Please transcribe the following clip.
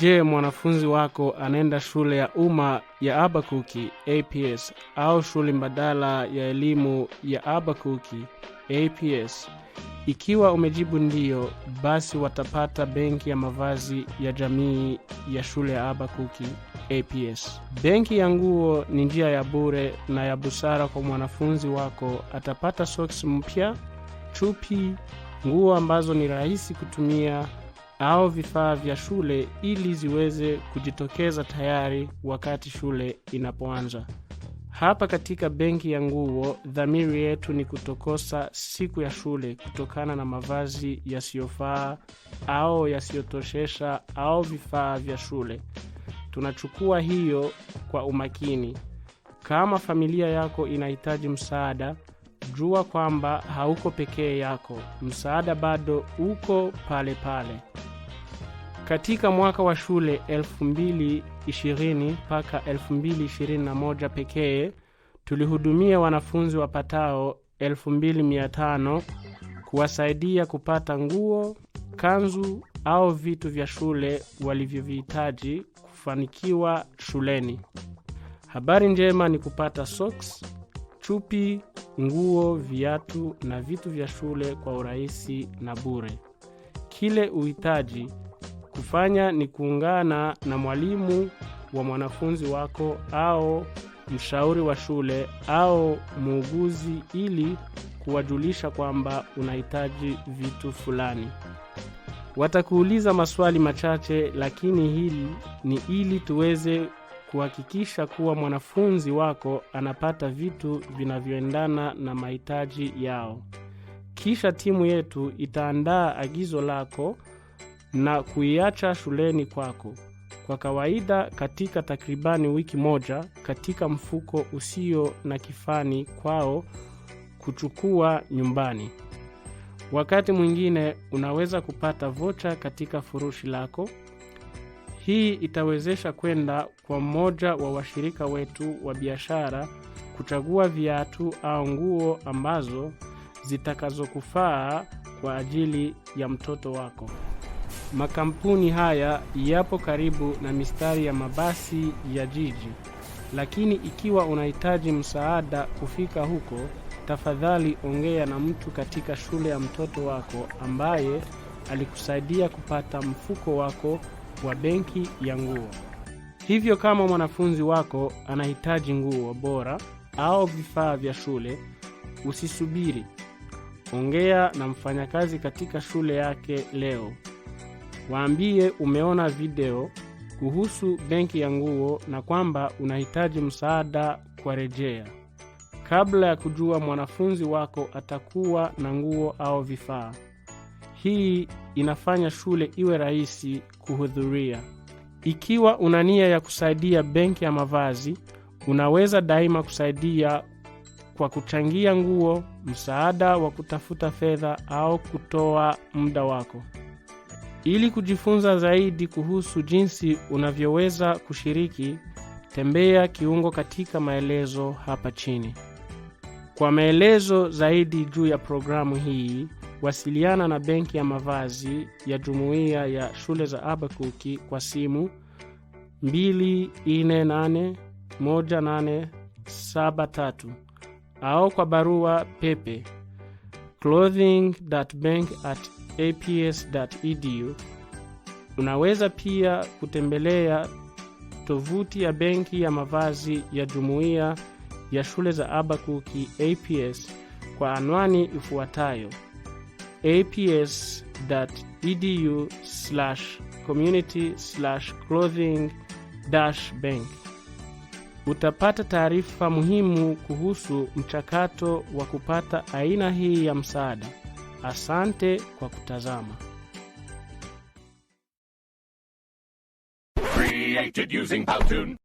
Je, mwanafunzi wako anaenda shule ya umma ya Abakuki APS au shule mbadala ya elimu ya Abakuki APS? Ikiwa umejibu ndiyo, basi watapata benki ya mavazi ya jamii ya shule ya Abakuki APS. Benki ya nguo ni njia ya bure na ya busara kwa mwanafunzi wako. Atapata socks mpya, chupi, nguo ambazo ni rahisi kutumia au vifaa vya shule ili ziweze kujitokeza tayari wakati shule inapoanza. Hapa katika benki ya nguo, dhamiri yetu ni kutokosa siku ya shule kutokana na mavazi yasiyofaa au yasiyotoshesha au vifaa vya shule. Tunachukua hiyo kwa umakini. Kama familia yako inahitaji msaada, jua kwamba hauko pekee yako. Msaada bado uko pale pale. Katika mwaka wa shule 2020 mpaka 2021 pekee tulihudumia wanafunzi wapatao 2500 kuwasaidia kupata nguo, kanzu au vitu vya shule walivyovihitaji kufanikiwa shuleni. Habari njema ni kupata socks, chupi, nguo, viatu na vitu vya shule kwa urahisi na bure. Kile uhitaji Kufanya ni kuungana na mwalimu wa mwanafunzi wako au mshauri wa shule au muuguzi ili kuwajulisha kwamba unahitaji vitu fulani. Watakuuliza maswali machache, lakini hili ni ili tuweze kuhakikisha kuwa mwanafunzi wako anapata vitu vinavyoendana na mahitaji yao. Kisha timu yetu itaandaa agizo lako na kuiacha shuleni kwako, kwa kawaida katika takribani wiki moja, katika mfuko usio na kifani kwao kuchukua nyumbani. Wakati mwingine unaweza kupata vocha katika furushi lako. Hii itawezesha kwenda kwa mmoja wa washirika wetu wa biashara kuchagua viatu au nguo ambazo zitakazokufaa kwa ajili ya mtoto wako. Makampuni haya yapo karibu na mistari ya mabasi ya jiji, lakini ikiwa unahitaji msaada kufika huko, tafadhali ongea na mtu katika shule ya mtoto wako ambaye alikusaidia kupata mfuko wako wa benki ya nguo. Hivyo kama mwanafunzi wako anahitaji nguo bora au vifaa vya shule, usisubiri. Ongea na mfanyakazi katika shule yake leo waambie umeona video kuhusu benki ya nguo na kwamba unahitaji msaada rejea, kabla ya kujua mwanafunzi wako atakuwa na nguo au vifaa. Hii inafanya shule iwe rahisi kuhudhuria. Ikiwa una nia ya kusaidia benki ya mavazi, unaweza daima kusaidia kwa kuchangia nguo, msaada wa kutafuta fedha au kutoa muda wako. Ili kujifunza zaidi kuhusu jinsi unavyoweza kushiriki, tembea kiungo katika maelezo hapa chini. Kwa maelezo zaidi juu ya programu hii, wasiliana na Benki ya Mavazi ya Jumuiya ya Shule za Abakuki kwa simu 2481873 au kwa barua pepe clothing.bank@ aps.edu. Unaweza pia kutembelea tovuti ya benki ya mavazi ya jumuiya ya shule za Abakuki APS kwa anwani ifuatayo aps.edu/community/clothing-bank. Utapata taarifa muhimu kuhusu mchakato wa kupata aina hii ya msaada. Asante kwa kutazama. Created using